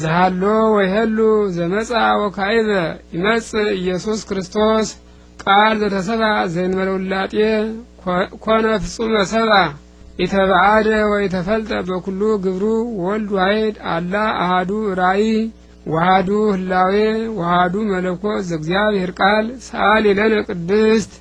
ዘሃሎ ወይሄሉ ዘመጻ ወካይበ ይመጽ ኢየሱስ ክርስቶስ ቃል ዘተሰባ ዘእንበለ ውላጤ ኮነ ፍጹመ ሰብአ ኢተባአደ ወኢተፈልጠ በኩሉ ግብሩ ወልድ ዋሕድ አላ አሃዱ ራእይ ወሃዱ ህላዌ ወሃዱ መለኮት ዘእግዚአብሔር ቃል ሰአሊ ለነ ቅድስት